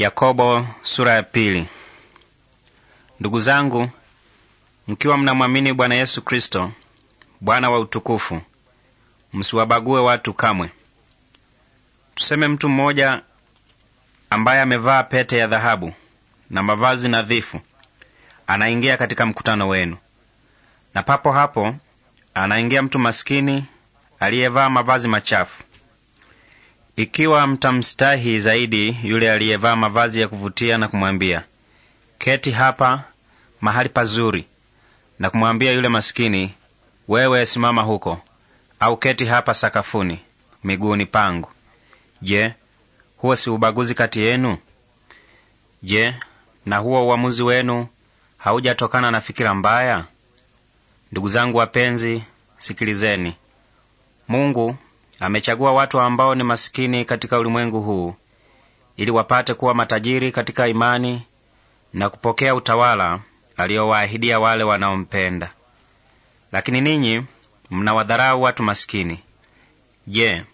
Yakobo sura ya pili. Ndugu zangu, mkiwa mnamwamini Bwana Yesu Kristo, Bwana wa utukufu, msiwabague watu kamwe. Tuseme mtu mmoja ambaye amevaa pete ya dhahabu na mavazi nadhifu anaingia katika mkutano wenu, na papo hapo anaingia mtu maskini aliyevaa mavazi machafu. Ikiwa mtamstahi zaidi yule aliyevaa mavazi ya kuvutia na kumwambia, keti hapa mahali pazuri, na kumwambia yule masikini wewe simama huko, au keti hapa sakafuni miguuni pangu, je, huo si ubaguzi kati yenu? Je, na huo uamuzi wenu haujatokana na fikira mbaya? Ndugu zangu wapenzi, sikilizeni. Mungu amechagua watu ambao ni masikini katika ulimwengu huu ili wapate kuwa matajiri katika imani na kupokea utawala aliyowaahidia wale wanaompenda. Lakini ninyi mnawadharau watu masikini. Je,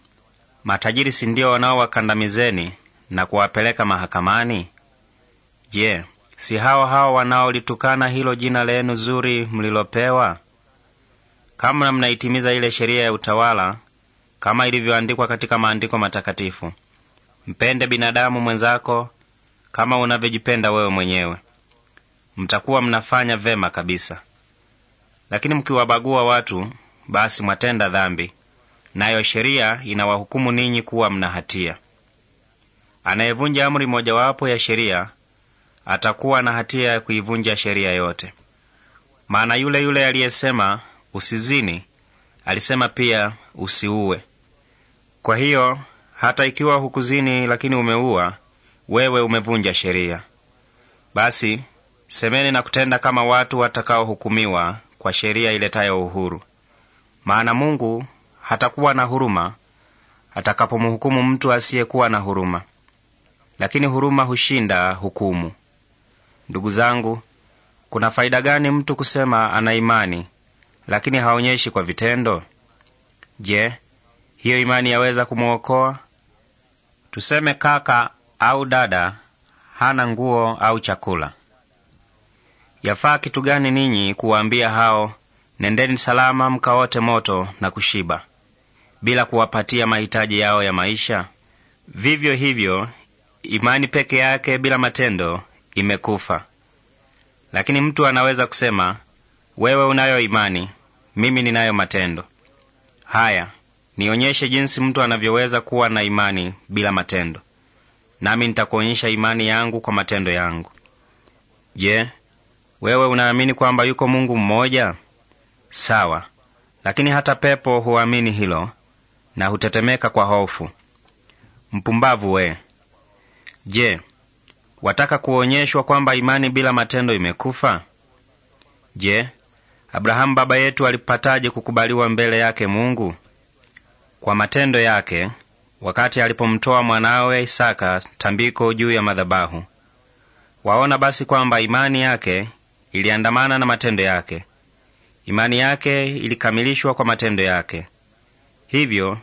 matajiri si ndio wanaowakandamizeni na kuwapeleka mahakamani? Je, si hao hao wanaolitukana hilo jina lenu zuri mlilopewa? Kama mnaitimiza ile sheria ya utawala kama ilivyoandikwa katika maandiko matakatifu, mpende binadamu mwenzako kama unavyojipenda wewe mwenyewe, mtakuwa mnafanya vema kabisa. Lakini mkiwabagua watu, basi mwatenda dhambi, nayo sheria inawahukumu ninyi kuwa mna hatia. Anayevunja amri mojawapo ya sheria atakuwa na hatia ya kuivunja sheria yote. Maana yule yule aliyesema usizini Alisema pia usiue. Kwa hiyo hata ikiwa hukuzini lakini umeua, wewe umevunja sheria. Basi semeni na kutenda kama watu watakaohukumiwa kwa sheria iletayo uhuru, maana Mungu hatakuwa na huruma atakapomhukumu mtu asiyekuwa na huruma, lakini huruma hushinda hukumu. Ndugu zangu, kuna faida gani mtu kusema ana imani lakini haonyeshi kwa vitendo. Je, hiyo imani yaweza kumwokoa? Tuseme kaka au dada hana nguo au chakula, yafaa kitu gani ninyi kuwaambia hao, nendeni salama mkaote moto na kushiba, bila kuwapatia mahitaji yao ya maisha? Vivyo hivyo imani peke yake bila matendo imekufa. Lakini mtu anaweza kusema wewe unayo imani, mimi ninayo matendo. Haya, nionyeshe jinsi mtu anavyoweza kuwa na imani bila matendo, nami nitakuonyesha imani yangu kwa matendo yangu. Je, wewe unaamini kwamba yuko Mungu mmoja? Sawa, lakini hata pepo huamini hilo na hutetemeka kwa hofu. Mpumbavu we! Je, wataka kuonyeshwa kwamba imani bila matendo imekufa? Je, Abrahamu baba yetu alipataje kukubaliwa mbele yake Mungu? Kwa matendo yake, wakati alipomtoa mwanawe Isaka tambiko juu ya madhabahu. Waona basi kwamba imani yake iliandamana na matendo yake. Imani yake ilikamilishwa kwa matendo yake. Hivyo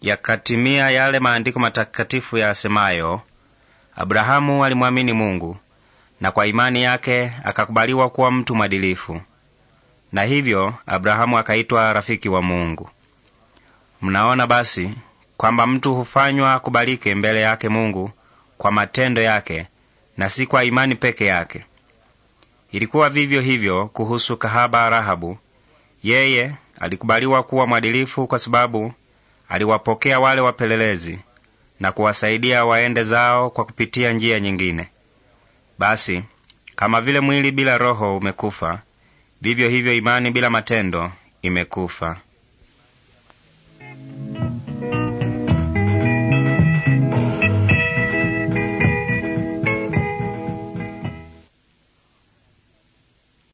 yakatimia yale maandiko matakatifu yasemayo, Abrahamu alimwamini Mungu na kwa imani yake akakubaliwa kuwa mtu mwadilifu na hivyo Abrahamu akaitwa rafiki wa Mungu. Mnaona basi kwamba mtu hufanywa kubalike mbele yake Mungu kwa matendo yake na si kwa imani peke yake. Ilikuwa vivyo hivyo kuhusu kahaba Rahabu. Yeye alikubaliwa kuwa mwadilifu kwa sababu aliwapokea wale wapelelezi na kuwasaidia waende zao kwa kupitia njia nyingine. Basi kama vile mwili bila roho umekufa, Vivyo hivyo imani bila matendo imekufa.